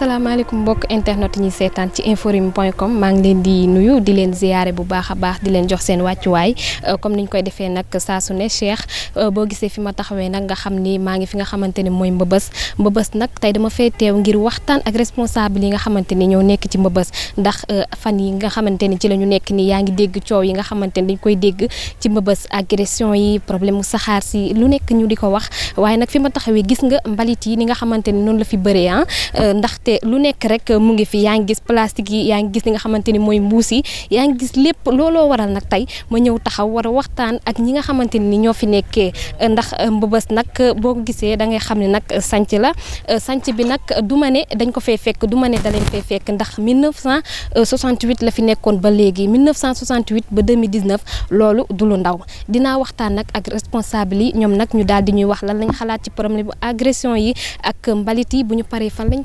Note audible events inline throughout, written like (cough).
asalaamaaleykum mbokk internet ñi seetaan ci inforim point com maa ngi leen di nuyu di leen ziyaare bu baax a baax di leen jox seen wàccuwaay euh, comme niñ koy defee nag su ne Cheikh euh, boo gisee fi ma taxawee nag nga xam ni maa ngi fi nga xamante ni mooy mbëbës mbëbës nag tey dama fee ngir waxtaan ak responsable yi nga xamante ni ñoo nekk ci mbëbës ndax euh, fan yi nga xamante ni ci la ñu nekk ni yaa ngi dégg coow yi nga xamante ni dañ koy dégg ci mbëbës agression yi problème mu saxaar si lu nekk ñu di ko wax waaye nag fi ma taxawee gis nga mbalit yi ni nga xamante ni noonu la fi bëree ah ndax ndaxte lu nekk rek mu ngi fi yaa ngi gis plastique yi yaa ngi gis li nga xamante ni mooy mbuus yi yaa ngi gis lépp looloo waral nag tey ma ñëw taxaw war a waxtaan ak ñi nga xamante ni ñoo fi nekkee ndax euh, mbëbës nag euh, boo ko gisee da ngay xam ne nag euh, sanc la sanc bi nag du ma ne dañ ko fee fekk du ma ne da leen fay fekk ndax 1968 la fi nekkoon ba léegi 1968 ba 2019 loolu du lu ndaw dinaa waxtaan nag ak responsable yi ñoom nag ñu daal di ñuy wax lan lañ xalaat ci problème bu agression yi ak mbalit yi bu ñu paree fan lañ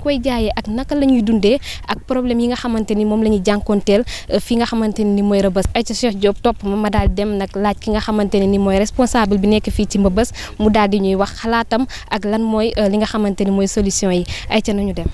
ak naka la ñuy dundee ak problème yi nga xamante ni moom la ñuy jànkoonteel euh, fi nga xamante ni mooy rëbës ay ca Cheikh Diop topp ma ma daal di dem nag laaj ki nga xamante ne ni mooy responsable bi nekk fii ci ma bës mu daal di ñuy wax xalaatam ak lan mooy euh, li nga xamante ni mooy solution yi ay ca nañu dem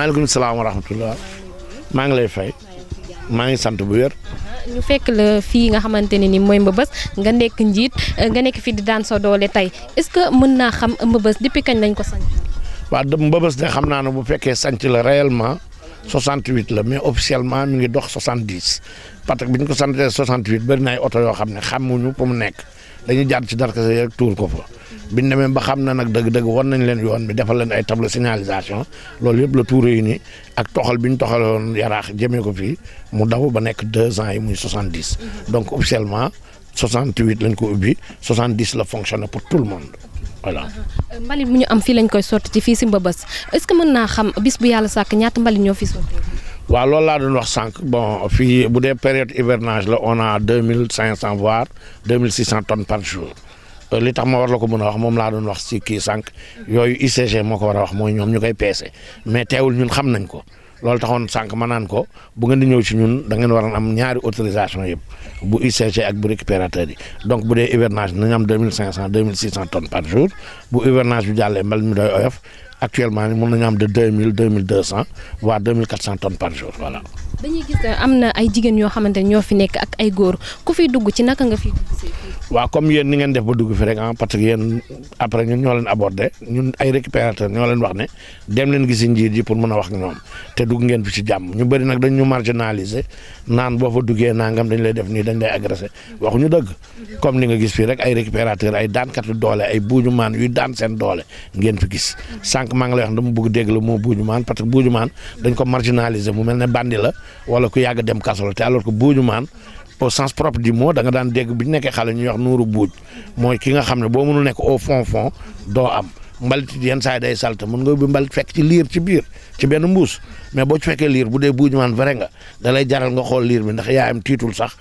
maaleykum salaam wa rahmatullah maa ngi lay fay maa ngi sant bu wér. ñu fekk la fii nga xamante ne ni mooy mbëbës nga nekk njiit nga nekk fi di daan sa doole tey est-ce que mën naa xam mbëbës depuis kañ lañ ko sañ. waaw de mbëbës de xam naa ne bu fekkee sanc la réellement 68 la mais officiellement mi ngi dox 70 parce que bi ñu ko santee 68 bari na oto yoo xam ne xamuñu fu mu nekk. dañuy jaar ci darkase yi rek tuur ko fa biñ demee ba xam na nag dëgg-dëgg war nañ leen yoon bi defal leen ay table signalisation loolu yëpp la tout réuni ak toxal bi ñu toxaloon yaraax jëmee ko fii mu daw ba nekk deux ans yi muy soixante dix donc officiellement soixante huit lañ ko ubbi soixante dix la fonctionné pour tout le monde voilà. Euh, mbalit mu ñu am fii lañ koy sotti ci fii si Mbëbës est mën naa xam bis bu yàlla sàkk ñaata mbalit ñoo fi sotti waaw loolu la doon wax sank. bon fi bu dee période hivernage la on a 2500 voire 2600 tonnes par jour euh, li tax ma war la ko mën wax mom la doon wax ci ki sank. yooyu ICG moo wara wax moy ñom ñukay koy mais téwul ñun xam nañ ko lol taxone sank ma naan ko bu ngeen di ñëw ci ñun da ngeen war am ñaari autorisation yëpp bu UCG ak bu récupérateur yi donc bu dee hivernage nañ am 2500 2600 tonnes par jour bu hivernage bu jàllee mal mi doy oyof actuellement mën nañ am de 2000 2200 voire 2400 tonnes par jour voilà dañuy gis amna ay jigen yo xamante ño fi nek ak ay gor ku fi dugg ci naka nga fi wa comme yeen ni ngeen def ba dugg fi rek en ah, parce que yeen après ñun ñoo leen abordé ñun ay récupérateur ñoo leen wax ne dem leen gis njiit ji pour mëna wax ñom té dugg ngeen fi ci jamm ñu bari nak dañ ñu marginaliser naan bo fa duggee nangam dañ lay def ni dañ lay agressé ñu dëgg comme ni nga gis fi rek ay récupérateur ay kat doole ay buñu man yu daan sen doole ngeen fi gis nag maa ngi lay wax dama bëgg dégg mo buñu man parce que man dañ ko marginaliser mu melne bandi la wala ku yag dem kaso té te alors que man au sens propre du mot da nga daan dégg bi ñu nekkee ñu wax nuru buuj moy ki nga xam ne mënu nekk au fond fond do am mbalit yenn saa day salte mën nga ubbi mbal fekk ci lire ci bir ci benn mbuss mais bo ci fekkee lire bu buñu man vrai nga da lay jaral nga xol lire bi ndax am sax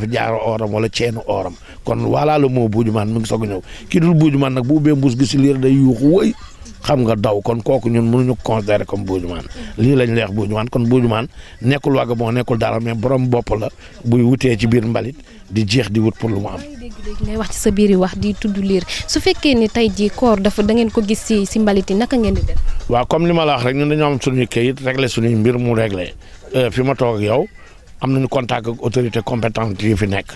fi jaaro oram wala cienu oram kon wala le mot man mu ngi sogu ñew ki dul buñu man nak bu be mbuss gi ci lire day yuxu way xam nga daw kon koku ñun ñu considérer comme bujuman, li lañ leex buujumaan kon buujumaan nekul wàgg moo nekul dara mais borom bop la bu wuté ci bir mbalit di jeex di wut pour lu am lay wax ci sa biir wax di tuddu lire su fekke ni tay ji koor dafa da ngeen ko gis ci ci mbalit yi naka ngeen di def wa comme lima la wax rek ñun dañu am suñu kayit régler suñu mbir mu régler euh, fi ma tok yow am contact ak autorité compétente yi fi nek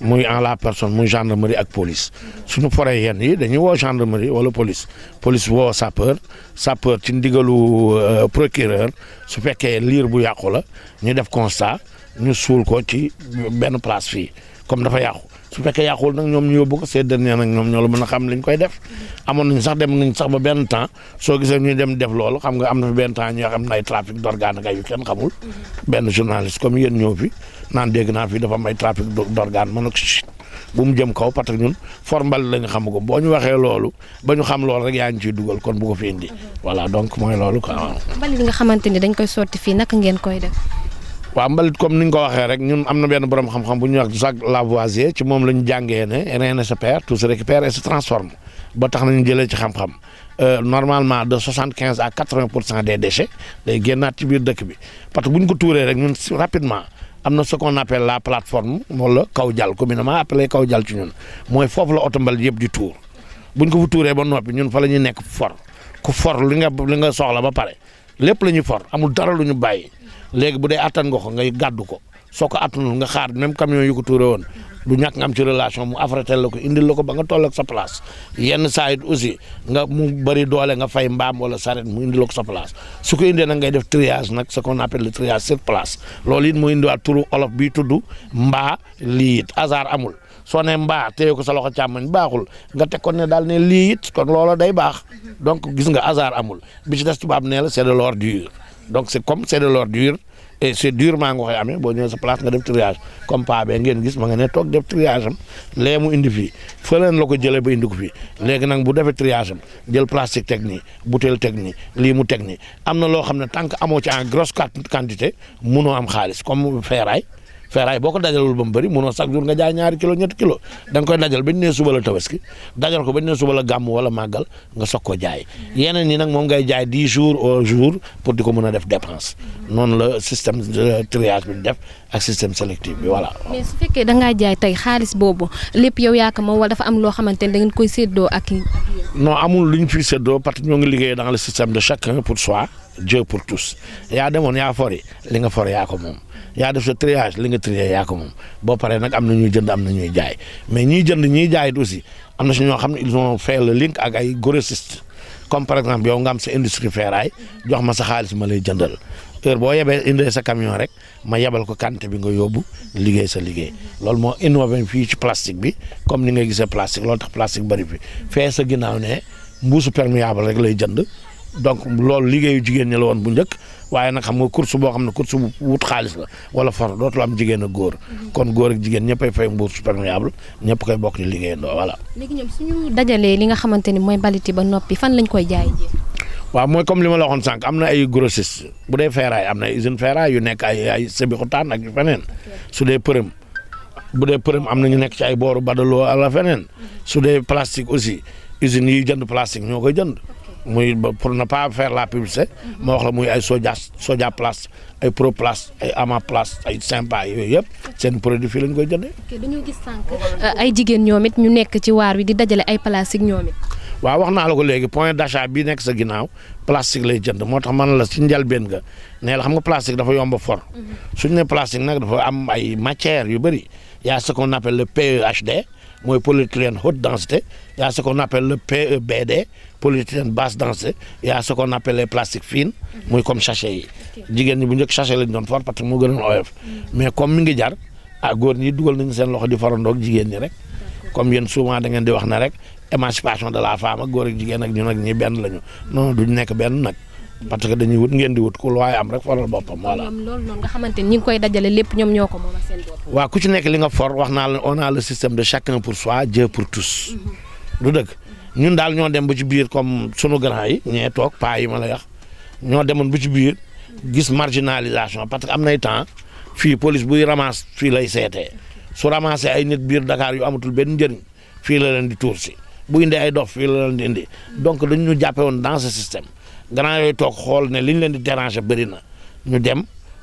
muy en la personne muy gendarmerie ak police suñu foree yenn yi dañuy woo gendarmerie wala police police woo sapeur sapeur ci ndigalu euh, procureur su fekkee liir bu yàqu la ñu def constat ñu suul ko ci benn place fii comme dafa yàqu su fekkee yàquwul nag ñoom ñu yóbbu ko seddal nee nag ñoom ñoo la mën a xam liñ koy def amoon nañ sax dem nañ sax ba benn temps soo gisee ñuy dem def loolu xam nga am na fi kenn xamul benn journaliste comme yéen ñëw fi naan dégg fi dafa am ay trafic d'organe mën bu mu jëm kaw parce ñun formbal la ñu xam ko boo ñu waxee loolu ba ñu xam loolu rek yaa ngi ciy dugal kon bu ko fi indi. voilà donc mooy loolu quoi. mbalit nga xamante ni waaw mbalit comme ni ñu ko waxee rek ñun am na benn borom xam-xam bu ñu wax Jacques Lavoisier ci moom la ñu jàngee ne rien ne se perd tout se récupère et se transforme ba tax nañu jëlee ci xam-xam euh, normalement de soixante quinze à quatre vingt pour cent des déchets day génnaat ci biir dëkk bi parce que bu ñu ko tuuree rek ñun rapidement am na ce qu'on appelle la plateforme wala kaw jàll communément appelé kaw jàll ci ñun mooy foofu la oto mbalit yépp di tuur bu ñu ko fu tuuree ba noppi ñun fa la ñuy nekk for ku for li nga li nga soxla ba pare lépp la ñuy for amul dara lu ñu bàyyi. léegi bu atan attan nga ko ngay gàddu ko soko atun nga xaar même camion yu ko touré won du ñak nga am ci relation mu affrétel lako indil la ba nga toll ak sa place yenn saa aussi nga mu bari doole nga fay mbam wala saret mu indil lako sa place su ko indee ngay def triage nak ce qu'on appelle le triage sur place loolu it indi wat touru olof bi tuddu mba liit azar amul so ne mbaa téye ko sa loxo chamagn baxul nga teg ko ne dal ne liit kon loola day bax donc gis nga azar amul bi ci dess tubab nee la c'est de l'ordure donc c'est comme c'est de l'ordure et c'est durement nga koy amee boo ñëwee sa place nga def triage comme paa bee ngeen gis ma nga ne toog def triage am lee mu indi fii fëleen la ko jëlee ba indi ko fii léegi nag bu defee triage jël plastique technique nii technique lii mu teg am na loo xam ne tant que amoo ci en grosse quantité munoo am xaalis comme ferraille ferraille boo ko dajalul ba mu bëri munoo chaque jour nga jaay ñaari kilo ñetti kilo da koy dajal bañ nee suba la tabaski dajal ko bañ nee suba la gàmm wala màggal nga soog ko jaay yeneen ñi nag moom ngay jaay di jours au jour pour di ko mën a def dépense noonu la système de triage bi def ak système sélectif bi voilà. mais su fekkee da ngaa jaay tey boobu lépp yow yaa ko moom dafa am loo xamante ne da ngeen koy séddoo ak. non amul lu ñu fiy séddoo ñoo ngi liggéey dans le système de chacun pour soi. Dieu pour tous yaa demoon yaa fori li nga fori yaa moom yaa def sa triage li nga trier yaa ko moom boo paree nag am na ñuy jënd am na ñuy jaay mais ñiy jënd ñuy jaay it aussi am na si ñoo xam ne ils ont fait la link ak ay grossistes comme par exemple yow nga am sa industrie feeraay jox ma sa xaalis ma lay jëndal heure boo yebee indee sa camion rek ma yebal ko quantité bi nga yóbbu liggéey sa liggéey loolu moo innové fii ci plastique bi comme ni nga gisee plastique loolu tax plastique bari fi fee sa ginnaaw ne mbuusu perméable rek lay jënd. donc lool liggéeyu jigen ñi la won bu ñëk waye nak xam nga course bo xamne course bu wut xaaliss la wala for dootul am jigen ak goor mhm. kon goor ak jigéen ñëppay fay super perméable ñepp koy bokk ligéy ndo wala léegi ñom suñu dajalé li nga xamanteni moy baliti ba nopi fan lañ koy jaay ji. waaw mooy comme lima la waxon sank amna na ay grossiste bu dé ferraay amna na ay usine ferraay yu nekk ay ay Sébikotane ak fenen su dé përëm bu dé përëm amna ñu nekk ci ay boru badalo ala fenen mhm. su dé plastique aussi usine yi jënd plastique ñokoy jënd muy pour na pas faire la publicité moo mhm. wax la muy ay soja soja place ay pro place ay ama place ay sympa yooyu yëpp seen produit fii lañ koy jëndee. ok euh, ay jigéen ñoomit ñu nekk ci waar wi di dajale ay plastique ñoom Wa wax na la ko point d'achat bi nek sa ginaaw plastique lay jënd motax man la ci ben nga nee la xam nga plastique dafa yomb for mhm. suñu ne plastique nak dafa am ay matière yu bari ya ce qu'on appelle le PEHD moy polyéthylène haute densité ya ce qu'on appelle le PEBD polyéthylène basse densité ya ce qu'on appelle les plastiques fines moy mhm. comme sachet yi jigéen ñi bu ñëk sachet lañ doon for parce que mo gënoon oyof mhm. mais comme mi ngi jar a ah, goor ni duggal nañu seen loxo di farandok jigen ni rek comme yeen souvent da ngeen di wax na rek émancipation de la femme a góor ak jigéen ak ñun ak ñi benn lañu non duñ nekk benn nag. parce que dañuy wut ngeen di wut ku looy am rek foral boppam. voilà ñoom loolu noonu nga xamante ni ñi koy dajale lépp ñoom ñoo ko moom ak ku ci nekk li nga for wax naa la on a le système de chacun pour soi Dieu pour tous. Mhm. du dëgg ñun daal ñoo dem ba ci biir comme sunu grand yi ñee toog paa yi ma lay wax ñoo demoon ba ci biir gis marginalisation parce que am nay temps fii police buy ramasse fii lay seetee su ramassé ay nit biir dakaar yu amatul benn njëriñ fii la leen di tuur si. bu indee ay dof fii la leen di indi donc dañ ñu jàppe woon dans ce système gannaaw yooyu toog xool ne li ñu leen di déranger bëri na ñu dem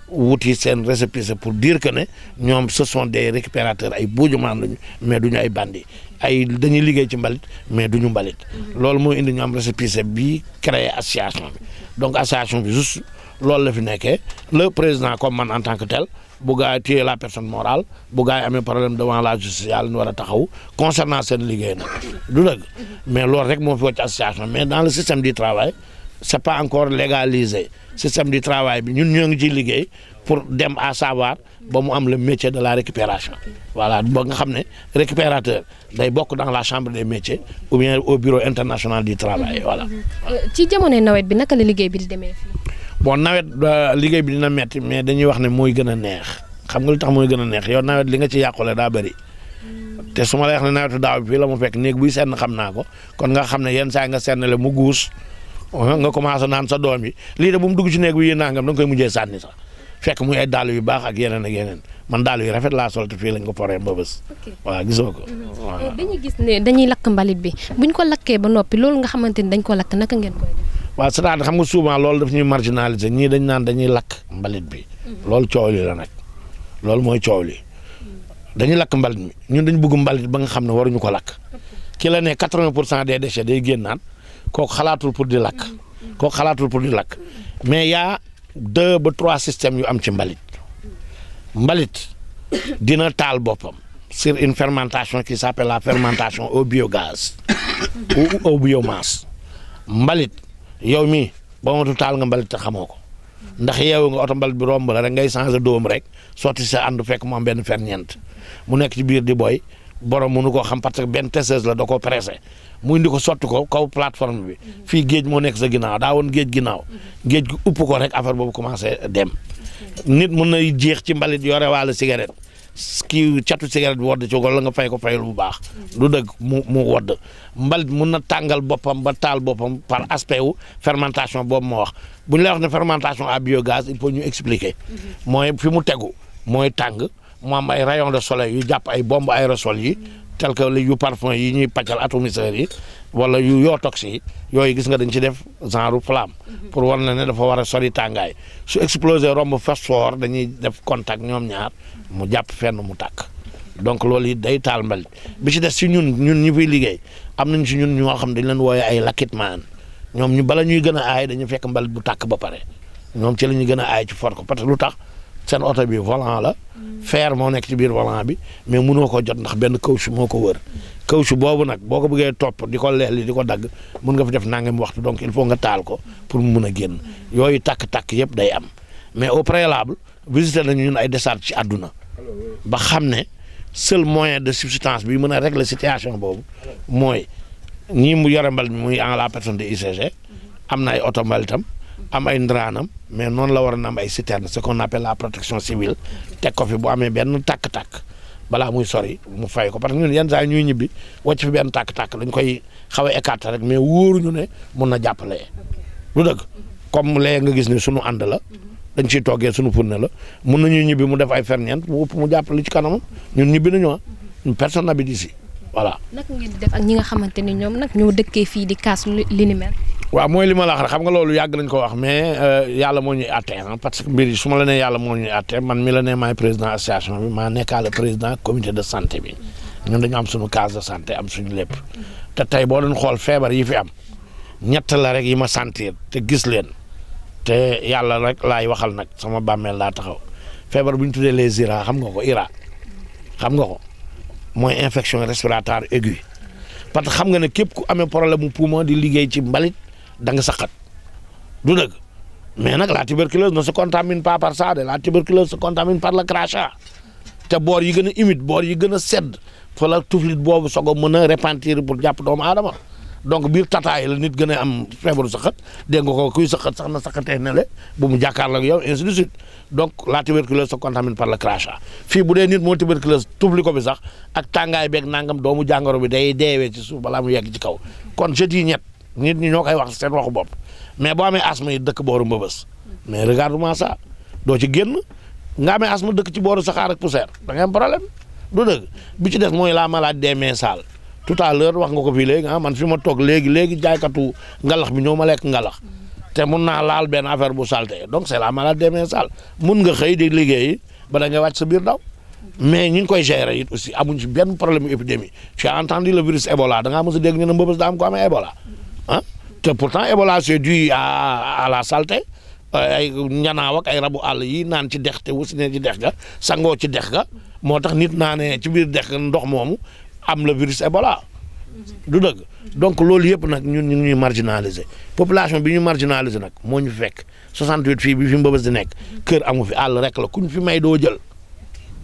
wuti seen récépissé pour diir que ne ñoom ce sont des récupérateurs ay buujumaan ñu mais du ñu ay bandi ay dañuy liggéey ci mbalit mais du ñu mbalit mhm. loolu moo indi ñu am récépissé bi créé association bi donc association bi juste loolu la fi nekkee le président comme man en tant que tel bu gaa yi téye la personne morale bu amee problème devant la justice yàlla war a taxaw concernant seen liggéey nag mais loolu rek moo fi wàcc association mais dans le système du travail c'est pas encore légalisé système du travail bi ñun ñoo ngi ciy liggéey pour dem à savoir ba mu am le métier de la récupération voilà ba nga xam ne récupérateur day bokk dans la chambre des métiers ou bien au bureau international du travail voilà. Euh, ci jamonoy nawet bon nawet euh, liggéey bi dina metti mais dañuy wax ne mooy gën a neex xam nga lu tax mooy gën a neex yow nawet li nga ci yàqule daa bëri te su ma lay wax ne nawetu daaw bi fii la mu fekk néeg buy senn xam naa ko kon nga xam ne yenn saa nga senn le mu guus euh, nga commencé naan sa doom yi lii de bu mu dugg ci néeg bi yéen nangam da nga koy mujjee sànni sax fekk muy ay dàll yu baax ak yeneen ak yeneen man dàll yu rafet laa sol te fii lañ ko foree mbëbës. waaw ko. Mhm. Eh, dañuy gis ne dañuy lakk mbalit ko lakkee ba noppi loolu nga xamante ni dañ ko lakk naka ngeen koy def waa cest à xam nga souvent loolu daf ñuy marginaliser ñii dañ naan dañuy lakk mbalit bi loolu coow li la nag loolu mooy coow li dañuy lakk mbalit mi ñun dañu bugg mbalit ba nga xam ne waruñu ko lakk ki la ne 80 pour cent des déchets day génnaat kooku xalaatul pour di lakk kooku xalaatul pour di lakk mais yaa deux ba trois systèmes yu am ci mbalit mbalit dina taal boppam sur une fermentation ki s'appelle la fermentation au biogaz (coughs) ou au mbalit yow mii ba matu taal nga mbalit te xamoo ko ndax yeewu nga oto mbalit bi romb la rek ngay changé doom rek sotti sa ànd fekk mu am benn ferñeent mu nekk ci biir di booy borom mënu koo xam parce que benn tesseuse la da koo pressé mu indi ko sotti ko kaw plateforme bi mhm. fii géej moo nekk sa ginnaaw daa woon géej ginnaaw mhm. géej gi upp ko rek affaire boobu commencé dem nit mën na jeex ci mbalit yore wàllu cigarette kii catu cigarette bi wadd ci wala nga fay ko fayal bu baax. Mhm. du dëgg mu mu wadd mbalit mun na tàngal boppam ba taal boppam par aspect wu fermentation boobu ma wax bu ñu la wax ne fermentation à biogaz il faut ñu expliquer. Mhm. mooy fi mu tegu mooy tàng moom ay rayon de soleil yu jàpp ay bombe aérosol yi. Mhm. tel que yu parfum yi ñuy pàccal atomiseurs yi wala yu yoo tox yooyu gis nga dañu ci def genre flamme mhm. pour war na ne dafa war a sori tàngaay su explosé romb phosphore dañuy def contact ñoom ñaar mu jàpp fenn mu tàkk donc loolu it day taal mbalit bi ci def si ñun ñun ñu fiy liggéey am nañ ci ñun ñoo xam dañ leen wooye ay lakitmaan ñoom ñu bala ñuy gën a aay dañu fekk mbalit bu tàkk ba pare ñoom ci la ñuy gën a aay ci for ko parce que lu tax seen oto bi volant la fer moo nekk ci biir volant bi mais munoo ko jot ndax benn caoutchouc moo ko wër caoutchouc boobu nag boo ko bëggee topp di ko leexli di ko dagg mën nga fi def nangam waxtu donc il faut nga taal ko pour mu mun a génn yooyu takk-takk yëpp day am mais au préalable visité nañu ñun ay desart ci àdduna ba xam ne seul moyen de subsistance bi mën a régler situation boobu mooy ñii mu yore mbal mi muy en la personne de ICG am na ay oto mbalitam am ay ndaraanam mais noonu la waroon am ay citerne ce qu'on appelle la protection civile teg ko fi bu amee benn tàkk-tàkk balaa muy sori mu fay ko parce que ñun yenn saa ñuy ñibbi wàcc fi benn tàkk-tàkk dañ koy xaw a écarter rek mais wóoruñu ne mun na jàppale. lu dëgg comme lee nga gis ni sunu ànd la dañ ciy toggee sunu purne la mun nañuy ñibbi mu def ay ferñeent mu ëpp mu jàpp jàppale ci kanamam ñun ñibbi nañu ah ñun personne n'habite ici di def ak ni ñoom nag ñoo fii di kaas li ni mel. waaw mooy li ma la wax xam nga loolu yàgg nañ ko wax mais euh, yàlla moo ñuy àtte parce que mbir yi su ma la nee yàlla moo ñuy àtte man mi la nee maay président association bi maa nekkaale président comité de santé bi ñun dañu am suñu case de santé am suñu lépp te tey boo doon xool feebar yi fi am ñett la rek yi ma sentir te gis leen te yàlla rek laay waxal nag sama bàmmeel laa taxaw feebar bu ñu tuddee les IRA xam nga ko IRA xam nga ko mooy infection respiratoire aiguë parce que xam nga ne képp ku amee problème mu poumon di liggéey ci mbalit. da nga saqat du dëgg mais nag la tuberculose ne se contamine pas par ça de la tuberculose se contamine par le crachat te boor yi gën a humide boor yi gën a sedd fa la tuflit boobu soog a mën a répandir pour jàpp doomu aadama donc biir tataay la nit gën a am feebaru saqat dégg nga ko kuy saqat sax na saqatee ne bu mu jàkkaarloo ak yow ainsi de suite donc la tuberculose se contamine par le crachat fii bu dee nit moo tuberculose tufli ko bi sax ak tàngaay beeg nangam doomu jàngoro bi day deewee ci suuf balaa mu yegg ci kaw kon je dis ñett nit ñi ñokay wax seen waxu bop mais bo amé asthme yi dëkk boru mbëbës mais regarde-moi ça do ci genn nga amé asthme dëkk ci boru saxar ak poussière da nga am problème du dëgg bi ci def moy la malade des mains sales tout à l'heure wax nga ko fi légui ah, man fi ma légui légui jaay katu ngalax bi ñoma lek ngalax té mun na laal ben affaire bu salté donc c'est la malade des mains sales mën nga xey di liggéey ba da nga wacc sa bir daw mais ñing koy gérer it aussi amuñ ci ben problème épidémie tu as entendu le virus Ebola da nga mësu dégg ñu ne da am ko amee Ebola ah te pourtant Ebola c'est dû à à la saleté euh, ay ñanaaw ak ay rabu àll yi naan ci dex te wasine ci dex ga sangoo ci dex ga moo tax nit naa ne ci biir dex ga ndox moomu am le virus Ebola du dëgg donc loolu yëpp nag ñun ñu ngi ñuy marginaliser population bi ñu marginaliser nag moo ñu fekk 68 fii bi fi Mbëbës di nekk kër amu fi àll rek la ku fi may doo jël.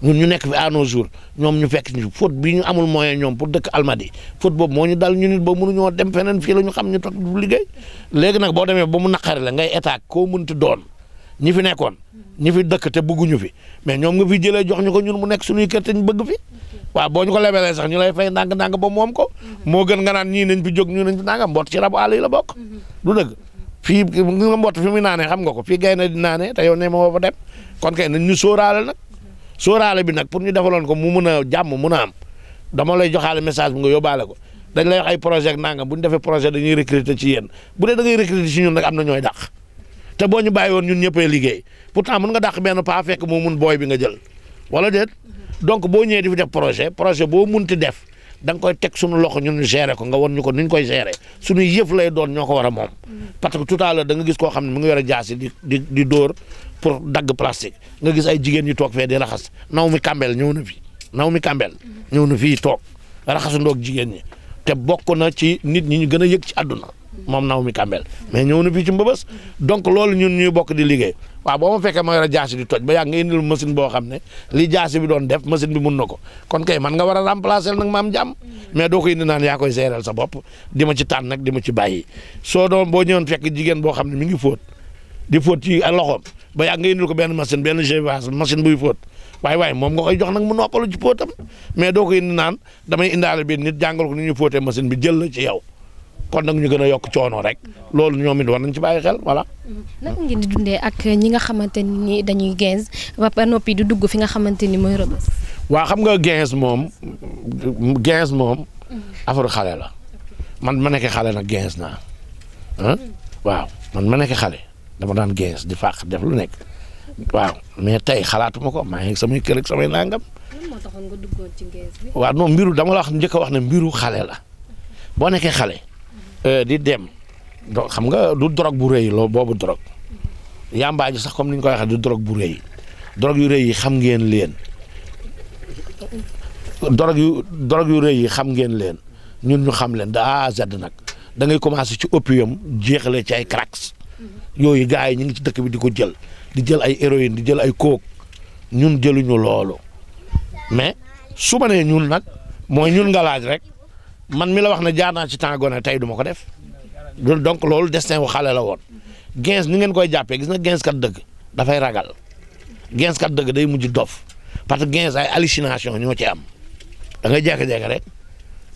ñun ñu nekk fi à nos jours ñoom ñu fekk ñu faute bii ñu amul moyen ñoom pour dëkk Almadi faute boobu moo ñu dal ñu nit ba mënuñoo dem feneen fii la ñu xam ñu toog du liggéey léegi nag boo demee ba mu naqari la ngay état koo mënti doon ñi fi nekkoon ñi fi dëkk te bëgguñu fi mais ñoom nga fi jëlee jox ñu ko ñun mu nekk suñuy kër te ñu bëgg fi waaw boo ñu ko lebelee sax ñu lay fay ndànk-ndànk ba moom ko moo gën nga naan ñii nañ fi jóg ñu nañ fi nangam mboot ci rabu àll yi la bokk du dëgg fii nga mboot fi muy naanee xam nga ko fii gay na di naanee te yow ne ma fa dem kon kay nañ ñu sóoraale nag sóoraale bi nag pour ñu defaloon ko mu mën a jàmm mun a am dama lay joxaale message bi nga yóbbaale ko dañ lay wax ay projet nangam bu ñu defee projet dañuy recruter ci yéen da ngay recruter ci ñun nag am na ñooy dàq te ñu bàyyi ñun ñëppee liggéey pourtant mën nga dàq benn paa fekk moo mun booy bi nga jël wala déet donc boo ñëwee di fi def projet projet boo munti def da nga koy teg suñu loxo ñun ñu gérer ko nga won ñu ko ni ñu koy gérer suñu yëf lay doon ñoo ko war a moom mm-hmm. parce que tout à l'heure da nga gis koo xam ne mu ngi a jaasi di di di dóor pour dag plastique nga gis ay jigen ñu tok fe di raxas nawmi kambel ñewna fi nawmi kambel ñewna fi tok raxas ndok jigen jigéen ñi te bokku na ci nit ñi ñu gën a ci aduna mom nawmi kambel mais ñewna fi ci mbëbës donc loolu ñun ñuy bokk di liggé wa bo mo fekkee ma yara a jaasi di toj ba yàgg nga indil machine bo xam ne li jaasi bi doon def machine bi mën nako kon kay man nga wara remplacer nak mam jam mais do koy indi naan yaa koy gérer sa bop di ci tan nak di ci bayyi so doon bo ñëwoon fekk jigen bo xam ne mi ngi fóot di fóot ci ak loxoom ba yàgg nga indil ko benn machine benn GVAS machine buy fóot waaye waaye moom nga koy jox nag mu noppalu ci fóotam mais doo ko indi naan damay indaale bi nit jàngal ko ni ñuy fóotee machine bi jël la ci yow kon nag ñu gën a yokk coono rek loolu ñoom it war nañ ci bàyyi xel voilà. naka ngeen di dundee ak ñi nga xamante ni dañuy gens ba noppi di dugg fi nga xamante ni mooy rëbës. waa xam nga gens moom gens moom. Mm-hmm. affaire xale la man ma nekk xale na gens naa mm-hmm. waaw man ma nekk xale. dama daan gees di fàq def lu nekk waaw mais tey xalaatuma ko maa ngi samay kër ak samay nangam. lan waa taxoon mbiru dama la wax njëkk a wax ne mbiru xale la boo nekkee xale. Euh, di dem do xam nga du dorog bu rëy loo boobu drogue. Mhm. yàmbaa ji sax comme ni koy waxee du drogue bu rëy drogue yu rëy yi xam ngeen leen. dorog yu dorog yu rëy yi xam ngeen leen ñun ñu xam leen da A à nag da ngay commencé ci opium jéexale ci ay cracks yooyu gars yi ñu ngi ci dëkk bi di ko jël di jël ay héroïne di jël ay coke ñun jëluñu loolu mais su ma nee ñun nag mooy ñun nga laaj rek man mi la wax ne jaar naa ci temps gone tey du ma ko def donc loolu destin wu xale la woon gens ni ngeen koy jàppee gis na gens kat dëgg dafay ragal gens kat dëgg day mujj dof parce que gens ay hallucination ñoo ci am da ngay jékki rek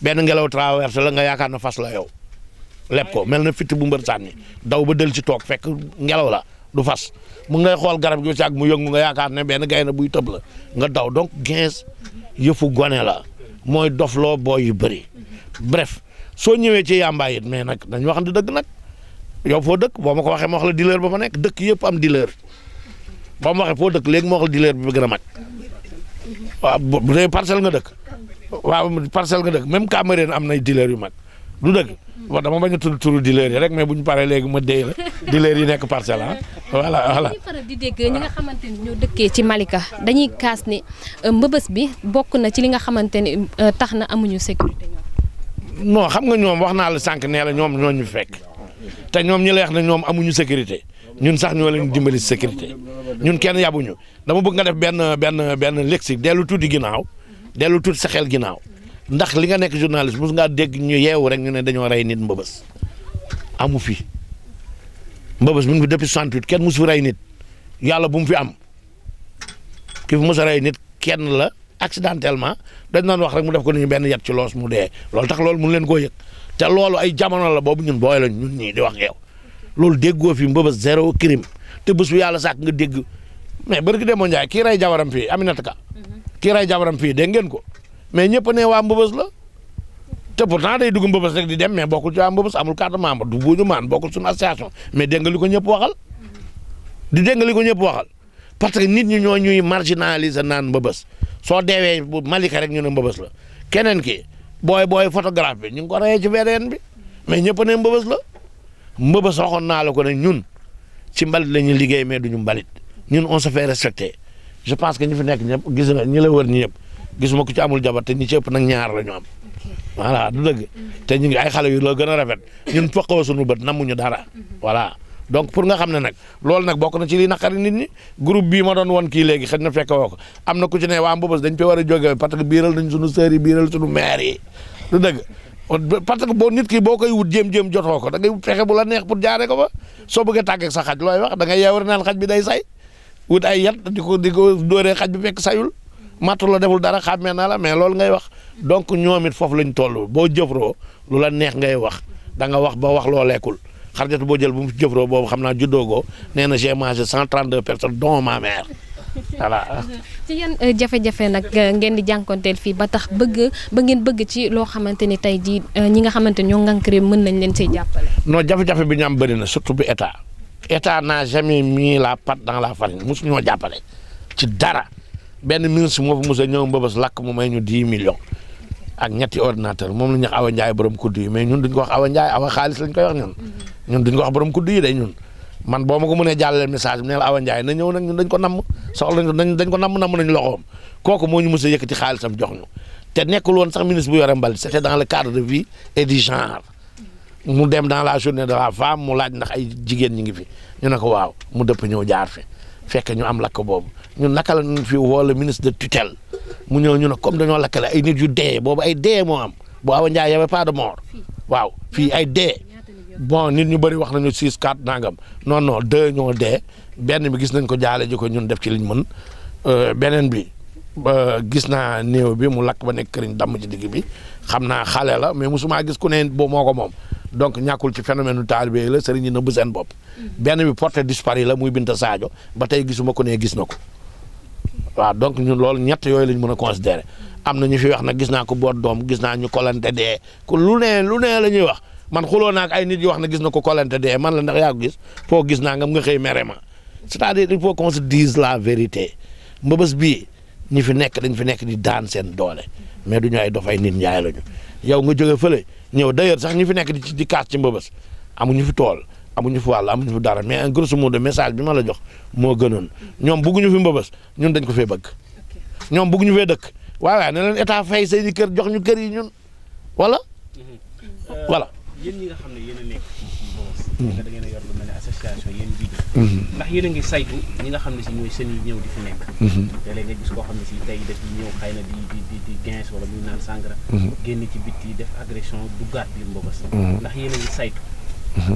benn ngelaw traversé la nga yaakaar na fas la yow. lepp ko mel na bu mbeur sanni daw ba del ci tok fekk ngelaw la du fas mu ngay xol garab gi ba mu àgg mu nga yakar ne ben gayna buy tëb la nga daw donc gens yeufu goné la dof lo boy yu bëri bref so ñewé ci yàmbaay it mais dañ wax ni deug nak yow fo deuk bo mako waxe mo wax la dealer ba fa nek deuk yëpp am dealer boo ma waxe fo deuk leg mo wax la dealer bi gëna mat wa bu dee nga deuk wa parcel nga deuk même Cambérène am nay dealer yu mat du dëgg bon dama bañ a tudd turu dealer yi rek mais bu ñu paree léegi ma dee la (laughs) dealer yi nekk parcelle ah voilà voilà. dañuy faral di dégg dëkkee ci Malika dañuy kaas ne euh, mbëbës bi bokk na ci li nga xamante ni euh, tax na amuñu sécurité. noo xam nga ñoom wax naa la sànq nee la ñoom ñoo ñu fekk te ñoom ñi lay na ñoom amuñu sécurité ñun sax ñoo leen dimbali sécurité ñun kenn yabuñu dama bëgg nga def benn benn benn lexique dellu tuuti ginnaaw dellu tuuti sa xel ginnaaw. ndax li nga nek journaliste mus nga deg ñu yew rek ñu ne dañu ray nit mbëbës amu fi mbëbës mu ngi fi depuis 68 kenn mosu fi nit yalla bu mu fi am ki mus mos ray kian nit kenn la accidentellement dañ nan wax rek mu def ko ni ben yat ci loos mu de lol tax loolu mun leen ko yek te loolu ay jamono la bobu ñun boy la ñun ni di wax yow fi mbëbës zero crime te bu su yalla sak nga deg mais barki demo Njaay ki ray jabaram fi Aminata Ka mhm. ki ray jabaram fi de ngeen ko mais ñëpp nee waa mbëbës la te pourtant day dugg mbëbës rek di dem mais bokkul ci waa mbëbës amul carte membre du buuñu maan bokkul suñu association mais dégg nga li ko ñëpp waxal du dégg nga li ko ñëpp waxal parce que nit ñi ñoo ñuy marginaliser naan mbëbës soo deewee bu malika rek ñun ne mbëbës la keneen ki booy booy photographe bi ñu ngi ko reyee ci VDN bi mais ñëpp ne mbëbës la mbëbës waxoon naa la ko ne ñun ci mbalit la ñuy liggéey mais duñu mbalit ñun on sa fait respecter je pense que ñi fi nekk ñëpp gis ñi la wër ñi ñëpp gisuma ku ci amul jabar te ñu ci ëpp nag ñaar la ñu am voilà du dëgg mhm. te ñu ngi ay xale yu la gën a rafet ñun (laughs) foqoo suñu bët namuñu dara mhm. voilà donc pour nga xam ne nag loolu nag bokk na ci li naqari nit ñi groupe bii ma doon won kii léegi xëy na fekk woo ko am na ku ci ne waa Mbëbës dañ fi war a jóge parce que biiral nañ suñu sœur yi biiral suñu mère yi du dëgg parce que boo nit ki boo koy wut jéem-jéem jotoo ko da ngay fexe bu la neex pour jaaree ko ba soo bëggee tàggeek sa xaj looy wax da ngay yeewar naan xaj bi day say wut ay yat di ko di ko dóoree xaj bi fekk sayul matu la deful dara xamé na la mais lol ngay wax donc ñoomit fofu lañ tollu bo jëfro lu la neex ngay wax da nga wax ba wax loo lekkul xarjatu bo jël bu mu jëfroo boobu xam naa juddoogoo nee j'ai mangé 132 personnes dont ma mère wala ci yeen euh, jafe-jafe nak euh, ngeen di jankontel fi ba tax bëgg ba ngeen bëgg ci lo xamanteni tay ji euh, ñi nga xamanteni ñoo ngànk mën nañ leen jappalé non jafe-jafe bi ñam bari na surtout bi état état n'a jamais mis la patte dans la farine mosu ñoo jappalé ci dara. benn ministre moo fa mos a ñëw mbëbës lakk mu may ñu 10 millions ak ñetti ordinateur moom la ñuy wax njaay borom kuddu yi mais ñun duñ ko wax awa njaay awa xaalis lañ koy wax ñun ñun duñ ko wax borom kuddu yi day ñun man boo ma ko mënee jàllale message bi ne la awa njaay na ñëw nag ñun dañ ko namm soxla nañ dañ ko namm namm nañ loxoom kooku moo ñu mos a yëkkati xaalisam jox ñu te nekkul loon sax ministre bu yore mbalit c'était dans le cadre de vie et du genre mu dem dans la journée de la femme mu laaj ndax ay jigéen ñi ngi fi ñu ne ko waaw mu dëpp ñëw jaar fi fekk ñu am lakk boobu ñun naka la ñu fi woo le ministre de tutelle mu ñëw ñu ne comme dañoo lakkale ay nit yu dee boobu ay dee moo am bu awa Ndiaye y'avait pas de mort waaw fii ay dee bon nit ñu bëri wax nañu six quatre nangam non non deux ñoo dee benn bi gis nañ ko jaale ji ko ñun def ci liñ mën euh, beneen bi. ba gis naa néew bi mu lakk ba nekk këriñ damm ci digg bi xam naa xale la mais mosumaa gis ku ne boobu moo ko moom donc ñàkkul ci phénomène u taalibe yi la sëriñ yi nëbb seen bopp mm-hmm. benn bi porté disparu la muy Binta Sadio ba tey gisuma ko ne gis na ko waaw donc ñun loolu ñett yooyu lañ mën a considéré am na ñu fi wax nag gis naa ko boot doom gis naa ñu kolante dee ku lu ne lu ne la ñuy wax man xuloo naa ak ay nit yu wax na gis na ko kolante dee man la ndax yaa ko gis foo gis naa nga nga xëy merema c'est-à-dire il faut qu'on se dise la vérité mbëbës bii ñi fi nekk dañ fi nekk di daan seen doole mais du ñu ay dof ay nit njaay lañu yow nga jóge fële ñëw d'ailleurs sax ñi fi nekk di di kaas ci mbëbës amuñu fi tool amuñu fi wàll amuñu fi dara mais un grosso de message bi ma la jox moo gënoon ñoom bëgguñu fi mbëbës ñun dañ ko fee bëgg ñoom ñu fee dëkk waaw waaw ne leen état fay seeni kër jox ñu kër yi ñun wala voilà. Mhm. Euh, yéen ñi nga xam ne yéen a da ngeen a yor lu ndax yéen a ngi saytu ñi nga xam ne si ñooy seen yi ñëw di fi nekk. te mhm. léeg nga gis koo xam ne si tey daf ñu ñëw xëy na di di di di gens wala ñu naan sangara. Mhm. génn ci bitti def agression biir Mbobas. Mhm.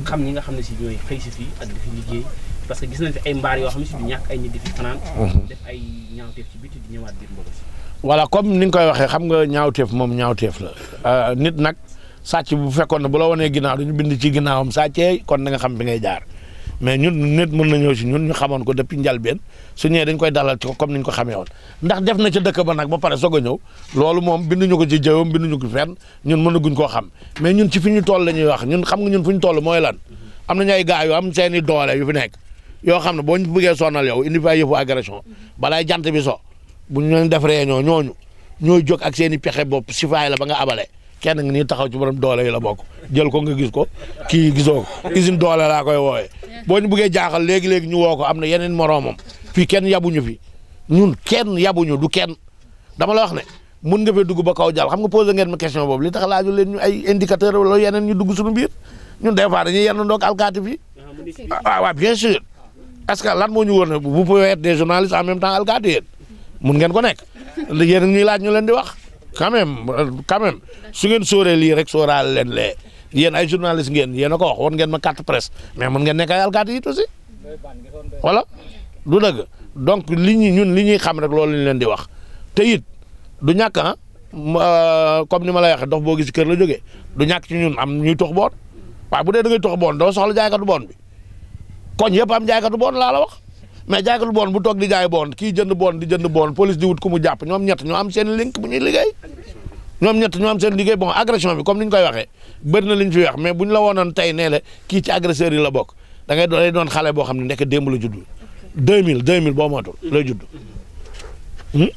xam ñi nga ne si ñooy xëy si fii parce que gis nañ fi ay mbaar yoo xam ne si du ñàkk di def ay ñaawteef ci bitti di ñëwaat biir comme ni nga koy waxee xam nga ñaawteef moom ñaawteef la euh, nit nag sàcc bu fekkoon ne bu la wanee ginnaaw ñu bind ci ginnaawam sàccee kon na nga xam bi ngay jaar mais ñun nit mën na ñëw si ñun ñu xamoon ko depuis njalbeen su ñëwee dañ koy dalal ci ko comme niñ ko xamee woon ndax def na ca dëkk ba nag ba pare soog a ñëw loolu moom binduñu ko ci jëwam binduñu ko fenn ñun mënaguñ koo xam mais ñun ci fi ñu toll la ñuy wax ñun xam nga ñun fu ñu toll mooy lan am nañu ay gars am seen doole yu fi nekk yoo xam ne boo ñu bëggee sonal yow indi fa yëfu agression balaay jant bi so bu ñu leen def ñoo ñooñu ñooy jóg ak seeni i pexe bopp sifaay la ba nga abale kenn ngi nii taxaw ci borom doole yi la bokk jël ko nga gis ko kii gisoo ko usine doole laa koy wooyee boo ñu bëggee jaaxal léegi-léegi ñu woo ko am na yeneen moroomam fii kenn yabuñu fi ñun kenn yabuñu du kenn dama la wax ne mun nga fee dugg ba kaw jàll xam nga posé ngeen ma question boobu li tax laaju leen ñu ay indicateur wala yeneen ñu dugg suñu biir ñun des fois dañuy yenn ndoog alkaati fii waaw ah, ah, waaw bien sûr est que lan moo ñu wër ne vous pouvez être des journalistes en même temps alkaati di wax quand même euh, quand su ngeen sóoree lii rek sóoraal leen lee yéen ay journaliste ngeen yéen a ko wax woon ngeen ma carte presse mais mën ngeen nekk ay alkaati it aussi voilà du dëgg donc li ñu ñun li ñuy xam rek loolu lañ leen di wax te it du ñàkk a ah, euh, comme ni ma lay waxee dox boo gis kër la jógee du ñàkk ci ñun am ñuy tox boon waaye bu dee da ngay tox boon doo soxla jaaykatu boon bi koñ yëpp am jaaykatu boon laa la wax mais jaagalu bon bu toog di jaay bon kii jënd bon di jënd bon police di wut ku mu jàpp ñoom ñett ñoo am seen link bu ñuy liggéey ñoom ñett ñoo am seen liggéey bon agression bi comme ni ko koy waxee bëri na li ñu fi wax mais bu ñu la woonoon tey nee la kii ci agresseurs yi la bokk da ngay doon doon xale boo xam ne nekk démb la judd 2000 2000 boo mootul lay judd hmm?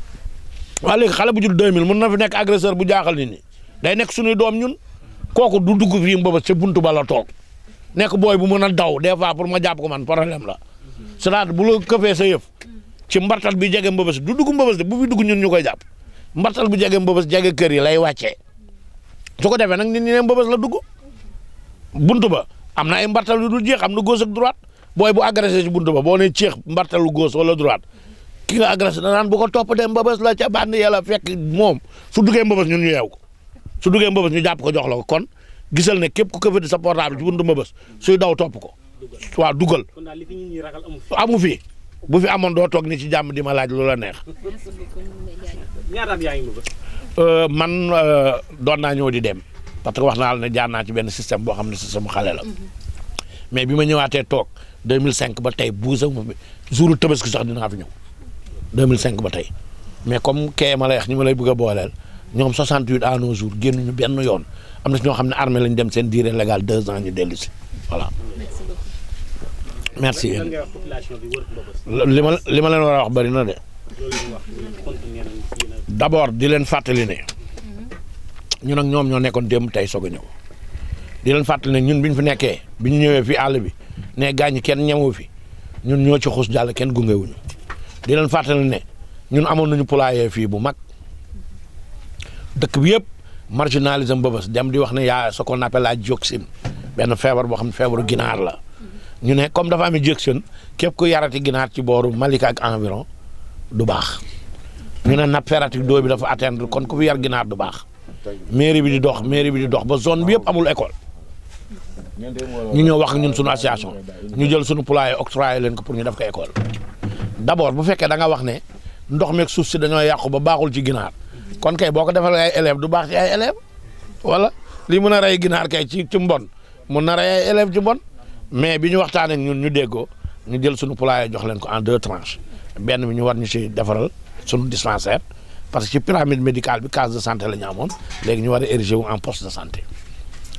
waaw léegi xale bu judd 2000 mën na fi nekk agresseur bu jaaxal nit ñi day nekk suñuy doom ñun kooku du dugg fii mbëbës ca buntu ba la toog nekk booy bu mën a daw des fois pour ma jàpp ko man problème la cest bu lo këfee sa yef ci mbartal bi jage mbëbës du dugg mbëbës bu fi dugg ñun ñukoy japp mbartal bu jage mbëbës jage kër yi lay wacce su ko defé nak nit ñi ne mbëbës la dugg buntu ba amna ay mbartal yu dul jeex amna na gauche ak droite boy bu agressé ci buntu ba bo ne ceex mbartalu gauche wala droite ki nga agressé da nan bu ko top dem mbëbës la ca bànn yalla fekk moom su duggee mbëbës ñun ñu yew ko su duggee mbëbës ñu japp ko jox la ko kon gisal ne kep ku këfati sa portable ci buntu mbëbës suy daw top ko waaw dugal amu fi bu fi amoon doo toog ni ci jàmm di ma laaj loola neex euh, man euh, doon naa ñëw di dem parce que wax naa la ne jaar naa ci benn système boo xam ne système xale la mm-hmm. mais bi ma ñëwaatee toog 2005 ba tey buusa jouru tabaski sax dinaa fi ñëw cinq ba tey mais comme kee ma la wax ñu ma lay bëgg booleel ñoom 68 à nos jours ñu benn yoon am na si ñoo xam ne armée lañ dem seen diire legal deux ans ñu dellu si merci li ma li ma leen war a wax bëri na de d'abord di leen fàttali ne ñun nag ñoom ñoo nekkoon démb tey soog a ñëw di leen fàttali ne ñun bi ñu fi nekkee bi ñu ñëwee fi àll bi ne gaañ kenn ñewu fi ñun ñoo ci xus jàll kenn gungewuñu di leen fàttali ne ñun amoon nañu poulailler fii bu mag dëkk bi yëpp marginalisme ba bés dem di wax ne yaa ce qu'on appelle benn feebar boo xam ne feebaru ginaar la. ñu ne comme dafa am injection képp ku yarati ginaar ci booru Malika ak environ du baax ñu ne nappe phréatique d'eau bi dafa atteindre kon ku fi yar ginaar du baax mairie bi di dox mairie bi di dox ba zone bi yëpp amul école ñu ñëw wax ñun suñu association ñu jël sunu poulailler octroyé leen ko pour ñu def ko école d'abord bu fekkee da nga wax ne ndox meek suuf si dañoo yàqu ba baaxul ci ginaar kon kay boo ko defal ay élèves du baax ci ay élèves wala li mën a rey ginaar kay ci ci mbon mën na rey ay élèves mais bi ñu waxtaan ak ñun ñu déggoo ñu jël suñu poulailler jox leen ko en deux tranches benn bi ñu war ñu si defaral suñu dispensaire parce que ci pyramide médicale bi case de santé la ñu amoon léegi ñu war a ériger wu en poste de santé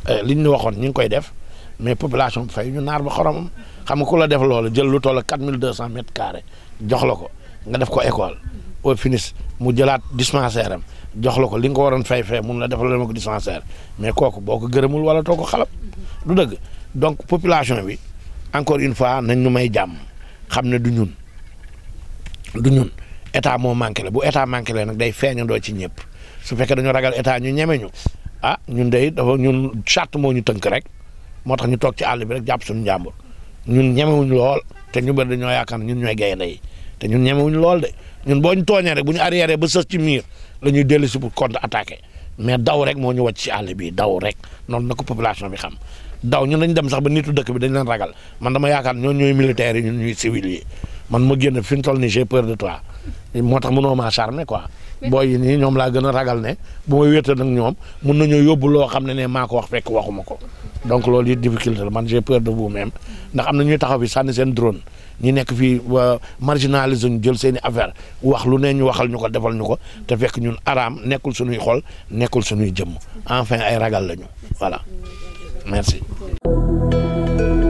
euh, li ñu waxoon ñu ngi koy def mais population bi fay ñu naar ba xoromam xam nga ko la def loolu jël lu toll quatre mille deux cent mètres carrés jox la ko nga def ko école au finis mu jëlaat dispensaire am jox la ko li nga ko waroon fay fee mun la defal la ma ko dispensaire mais kooku boo ko gërëmul wala too ko xalab du donc population bi encore une fois nañ ñu may jàmm xam ne du ñun du ñun état moo manqué la bu état manqué la nag day feeñandoo ci ñëpp su fekkee dañoo ragal état ñu ñeme ñu ah ñun day dafa ñun charte moo ñu tënk rek moo tax ñu toog ci àll bi rek jàpp suñu njàmbur ñun ñemewuñu lool te ñu bëri dañoo yaakaar ñun ñooy gaynde yi te ñun ñemewuñu lool de ñun boo ñu tooñee rek bu ñu arrière ba sës ci miir la ñuy dellu si pour contre attaqué mais daw rek moo ñu wàcc ci àll bi daw rek noonu na ko population bi xam daw ñun dañ dem sax ba nitu dëkk bi dañ leen ragal man dama yaakaar ñoon ñooy militaires yi ñun ñuy civil yi man ma génn fi mu toll nii j'ai peur de toi moo tax mënoo maa charmer quoi booy yi nii ñoom laa gën a ragal ne bu may wéete nag ñoom mun nañoo yóbbu loo xam ne ne maa ko wax fekk waxuma ko donc loolu it difficulté la man j'ai peur de vous même ndax am na ñuy taxaw fi sànni seen drone ñu nekk fii marginalisé ñu jël seen i affaire wax lu nee ñu waxal ñu ko defal ñu ko te fekk ñun araam nekkul suñuy xol nekkul suñuy jëmm enfin ay ragal lañu voilà merci.